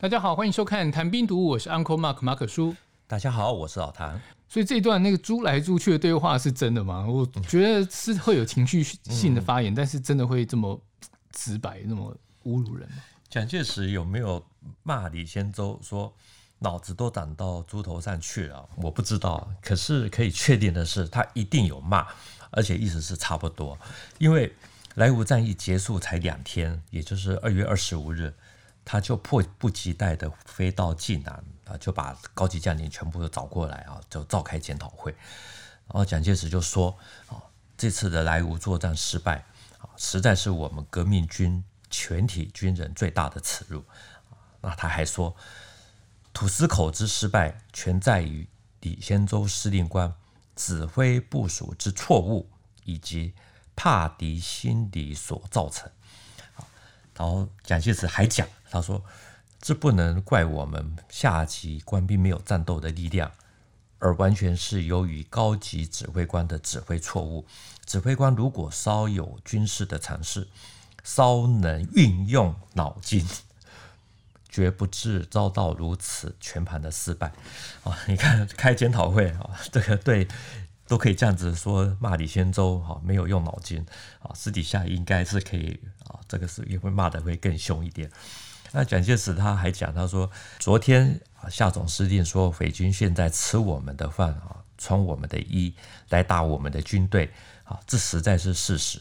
大家好，歡迎收看《談兵讀武》，我是 Uncle Mark 馬可叔。大家好，我是老譚。所以這段那個豬來豬去的對話是真的嗎？我覺得是會有情緒性的發言，嗯、但是真的會這麼直白，那麼侮辱人嗎？蔣介石有沒有罵李仙洲說腦子都長到豬頭上去了？我不知道，可是可以確定的是，他一定有罵，而且意思是差不多。因為萊蕪戰役結束才兩天，也就是二月二十五日。他就迫不及待的飛到濟南啊，就把高級將領全部都找過來啊，就召開檢討會。然後蔣介石就說：“啊，這次的萊蕪作戰失敗啊，實在是我們革命軍全體軍人最大的恥辱。”啊，他還說：“吐司口之失敗，全在於李仙洲司令官指揮部署之錯誤，以及怕敵心理所造成。”然後蔣介石還講，他說：“這不能怪我們下級官兵沒有戰鬥的力量，而完全是由於高級指揮官的指揮錯誤。指揮官如果稍有軍事的常識，稍能運用腦筋，絕不致遭到如此全盤的失敗。哦”啊，你看開檢討會啊、哦，這個對。都可以這樣子說，罵李仙洲哈，沒有用腦筋啊、哦，私底下應該是可以啊、哦，這個是也會罵得會更凶一點。那蔣介石他還講他說，昨天夏總司令說匪軍現在吃我們的飯啊、哦，穿我們的衣來打我們的軍隊啊、哦，這實在是事實。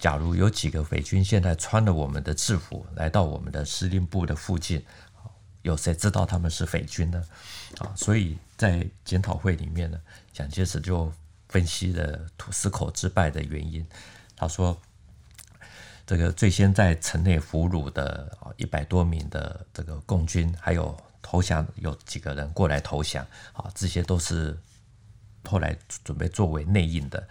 假如有幾個匪軍現在穿了我們的制服來到我們的司令部的附近，哦、有誰知道他們是匪軍呢？啊、哦，所以在檢討會裡面呢，蔣介石就。分析了土司口之敗的原因，他說：“這個最先在城內俘虜的啊一百多名的這個共軍，還有投降有幾個人過來投降，啊，這些都是後來準備作為內應的。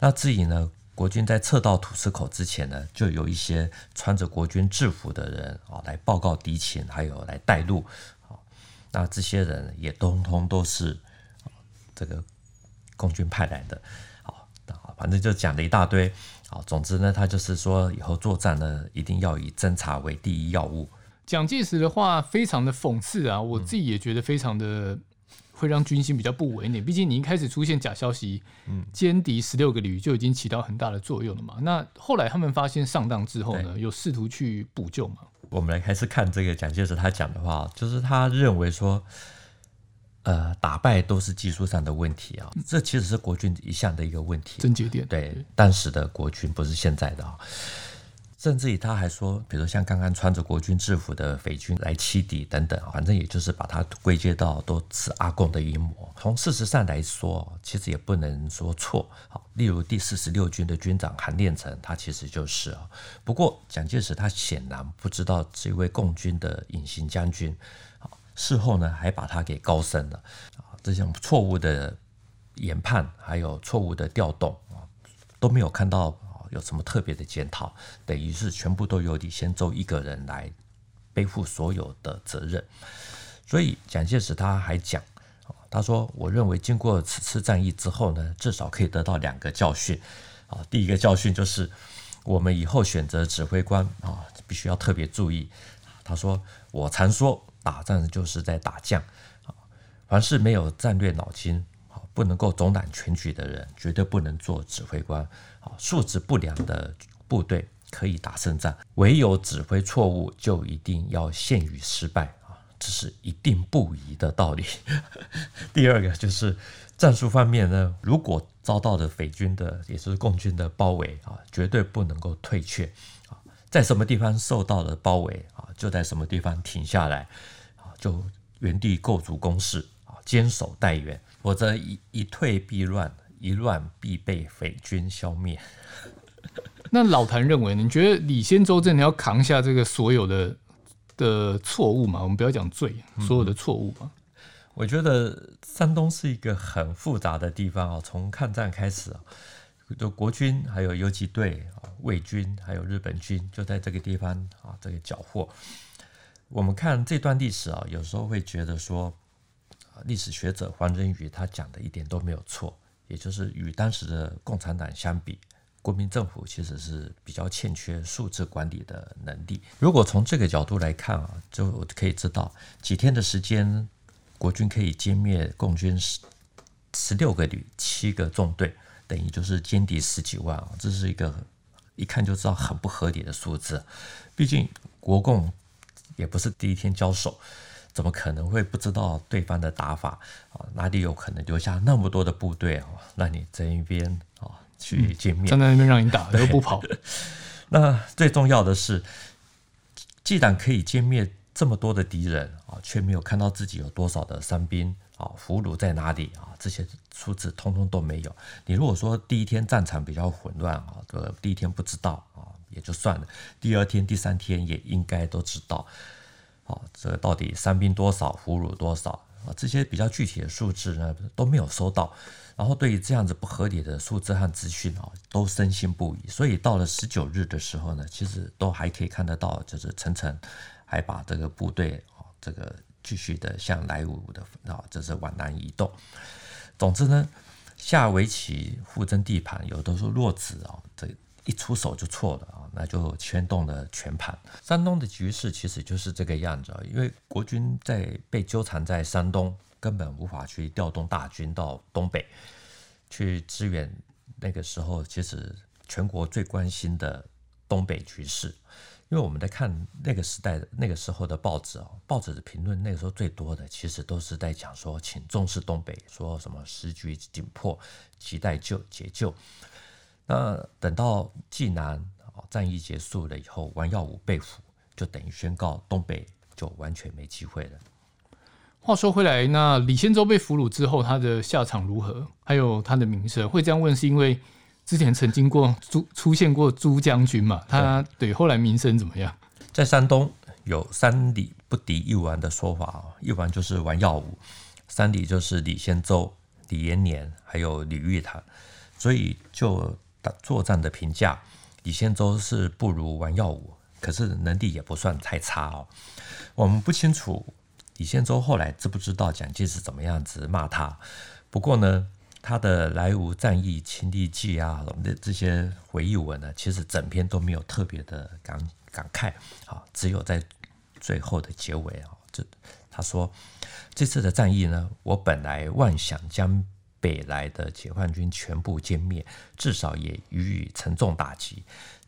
那至於呢，國軍在撤到土司口之前呢，就有一些穿着國軍制服的人啊來報告敵情，還有來帶路。那這些人也通通都是這個。”共軍派來的，好，那好，反正就講了一大堆，好，總之呢，他就是說以後作戰呢，一定要以偵察為第一要務。蔣介石的話非常的諷刺啊，我自己也覺得非常的會讓軍心比較不穩一點。畢、嗯、竟你一開始出現假消息，殲敵十六個旅就已經起到很大的作用了嘛。那後來他們發現上當之後呢，又試圖去補救嘛。我們來開始看這個蔣介石他講的話，就是他認為說。呃，打敗都是技術上的問題啊、哦，這其實是國軍一向的一個問題。症結點。對，當時的國軍不是現在的啊、哦，甚至於他還說，比如像剛剛穿着國軍制服的匪軍來欺敵等等，反正也就是把他歸結到都是阿共的陰謀。從事實上來說，其實也不能說錯。好，例如第四十六軍的軍長韓練成，他其實就是啊，不過蔣介石他顯然不知道這位共軍的隱形將軍。好。事後呢，還把他給高升了啊！這項錯誤的研判，還有錯誤的調動啊，都沒有看到啊，有什麼特別的檢討，等於是全部都由李仙洲一個人來背負所有的責任。所以蔣介石他還講啊，他說：“我認為經過此次戰役之後呢，至少可以得到兩個教訓啊。第一個教訓就是，我們以後選擇指揮官啊，必須要特別注意。”他說：“我常說。”打仗就是在打將，啊，凡是沒有戰略腦筋，啊，不能夠總攬全局的人，絕對不能做指揮官，啊，素質不良的部隊可以打勝仗，唯有指揮錯誤，就一定要陷於失敗，啊，這是一定不移的道理。 第二個就是戰術方面呢，如果遭到了匪軍的，也就是共軍的包圍，啊，絕對不能夠退卻，啊，在什麼地方受到了包圍，就在什麼地方停下來，就原地構築工事，堅守待援，否則一一退必亂，一亂必被匪軍消滅。 那老譚認為，你覺得李仙洲真的要扛下這個所有的的錯誤嗎？我們不要講罪，所有的錯誤嗎？嗯，我覺得山東是一個很複雜的地方啊，從抗戰開始就國軍還有游擊隊啊，偽軍還有日本軍就在這個地方啊，這個繳獲。我們看這段歷史啊，有時候會覺得說，歷史學者黃仁宇他講的一點都沒有錯，也就是與當時的共產黨相比，國民政府其實是比較欠缺數字管理的能力。如果從這個角度來看啊，就可以知道幾天的時間，國軍可以殲滅共軍十十六個旅、七個縱隊。等於就是殲敵十幾萬啊，這是一個一看就知道很不合理的數字。畢竟國共也不是第一天交手，怎麼可能會不知道對方的打法啊？哪裡有可能留下那麼多的部隊啊？讓你這一邊啊去殲滅、嗯，站在那邊讓你打他又不跑。 那最重要的是，既既然可以殲滅這麼多的敵人啊，卻沒有看到自己有多少的傷兵。哦，俘虜在哪裡啊？這些數字通通都沒有。你如果說第一天戰場比較混亂啊，這第一天不知道啊，也就算了。第二天、第三天也應該都知道。啊，這個到底傷兵多少，俘虜多少啊？這些比較具體的數字呢都沒有收到。然後對於這樣子不合理的數字和資訊啊，都深信不疑。所以到了十九日的時候呢，其實都還可以看得到，就是陳誠還把這個部隊啊，這個。繼續的向萊蕪的啊，這是往南移動。總之呢，下圍棋互爭地盤，有的時候落子啊，這一出手就錯了啊，那就牽動了全盤。山東的局勢其實就是這個樣子，因為國軍在被糾纏在山東，根本無法去調動大軍到東北去支援。那個時候，其實全國最關心的東北局勢。因為我們在看那個時代、那個時候的報紙哦，報紙的評論那個時候最多的，其實都是在講說，請重視東北，說什麼時局緊迫，亟待救解救。那等到濟南戰役結束了以後，王耀武被俘，就等於宣告東北就完全沒機會了。話說回來，那李仙洲被俘虜之後，他的下場如何？還有他的名聲？會這樣問，是因為。之前曾經過出現過朱將軍嘛？他對，對後來名聲怎麼樣？在山東有“三李不敵一王”的說法，“一王”就是王耀武，“三李”就是李仙洲、李延年還有李玉堂。所以就打作戰的評價，李仙洲是不如王耀武，可是能力也不算太差哦。我們不清楚李仙洲後來知不知道蔣介石怎麼樣子罵他。不過呢。他的萊蕪戰役親歷記啊，我們的這些回憶文呢，其實整篇都沒有特別的感感慨，啊，只有在最後的結尾啊，這他說這次的戰役呢，我本來妄想將北來的解放軍全部殲滅，至少也予以沉重打擊，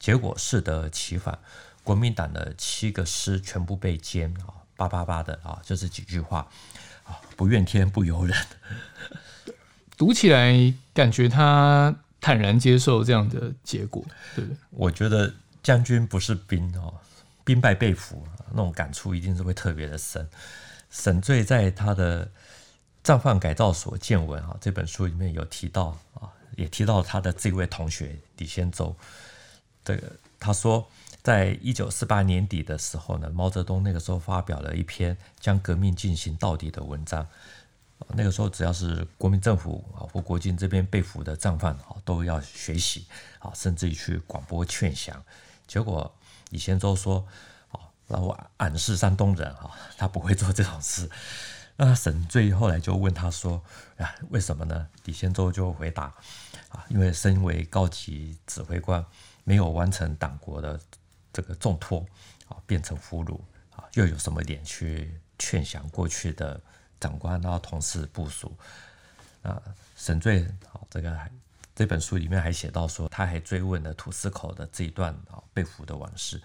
結果適得其反，國民黨的七個師全部被殲啊，叭叭叭的啊，就是幾句話啊，不怨天不尤人。讀起來感覺他坦然接受這樣的結果，對。我覺得將軍不是兵哦，兵敗被俘那種感觸一定是會特別的深。沈醉在他的《戰犯改造所見聞》啊這本書裡面有提到啊，也提到他的這位同學李仙洲。他說，在一九四八年底的時候呢，毛澤東那個時候發表了一篇《將革命進行到底》的文章。那個時候，只要是國民政府啊或國軍這邊被俘的戰犯啊，都要學習啊，甚至於去廣播勸降。結果李仙洲說：“然那我俺是山東人，他不會做這種事。”那沈醉後來就問他說：“啊，為什麼呢？”李仙洲就回答：“啊，因為身為高級指揮官，沒有完成黨國的這個重託啊，變成俘虜啊，又有什麼臉去勸降過去的？”長官，然後同事部署。啊，沈醉。好，這個還這本書裡面還寫到說，他還追問了吐絲口的這一段啊，被俘的往事，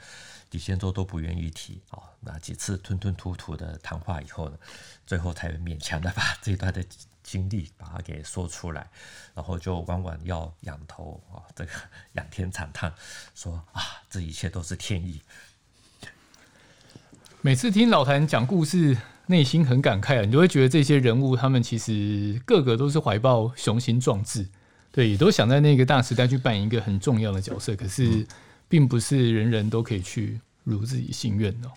李仙洲都不願意提。啊、哦，那幾次吞吞吐吐吐的談話以後呢，最後才勉強的把這一段的經歷把它給說出來，然後就往往要仰頭啊、哦，這個仰天長嘆，說啊，這一切都是天意。每次聽老譚講故事，內心很感慨啊，你就會覺得這些人物他們其實個個都是懷抱雄心壯志，對，也都想在那個大時代去扮演一個很重要的角色。可是，並不是人人都可以去如自己心願哦。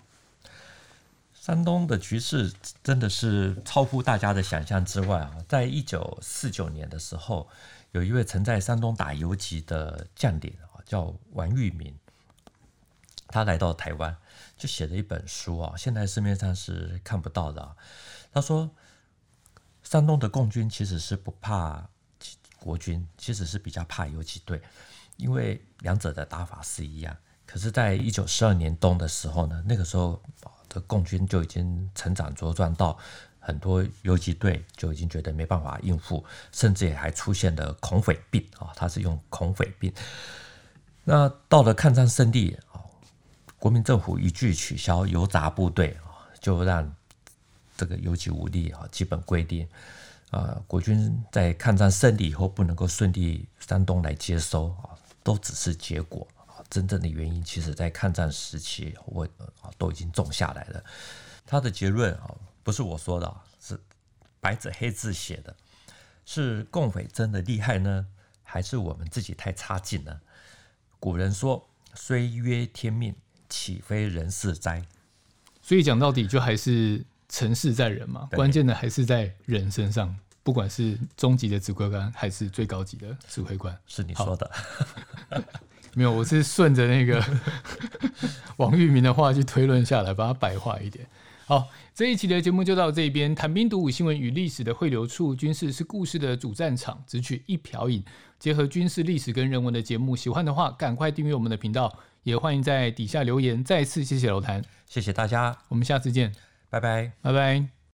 山東的局勢真的是超乎大家的想象之外啊！在一九四九年的時候，有一位曾在山東打游擊的將領啊，叫王玉民。他來到台灣，就寫了一本書啊，現在市面上是看不到的。他說，山東的共軍其實是不怕國軍，其實是比較怕游擊隊，因為兩者的打法是一樣。可是，在一九四二年冬的時候呢，那個時候的共軍就已經成長茁壯到很多游擊隊就已經覺得沒辦法應付，甚至也還出現了恐匪病啊，他是用恐匪病。那到了抗戰勝利國民政府一句取消游雜部隊啊，就讓這個有氣無力啊，基本規定啊，國軍在抗戰勝利以後不能夠順利山東來接收啊，都只是結果啊，真正的原因其實在抗戰時期我啊都已經種下來了。他的結論啊，不是我說的，是白紙黑字寫的，是共匪真的厲害呢，還是我們自己太差勁了？古人說，雖曰天命。豈非人事哉？所以講到底，就還是成事在人嘛。關鍵的還是在人身上，不管是中級的指揮官，還是最高級的指揮官，是你說的？ 沒有，我是順着那個 王玉明的話去推論下來，把它白話一點。好、哦，這一期的節目就到這邊。談兵讀武，新聞與歷史的匯流處，軍事是故事的主戰場，只取一瓢飲，結合軍事歷史跟人文的節目，喜歡的話趕快訂閱我們的頻道，也歡迎在底下留言。再次謝謝老譚，謝謝大家，我們下次見，拜拜，拜拜。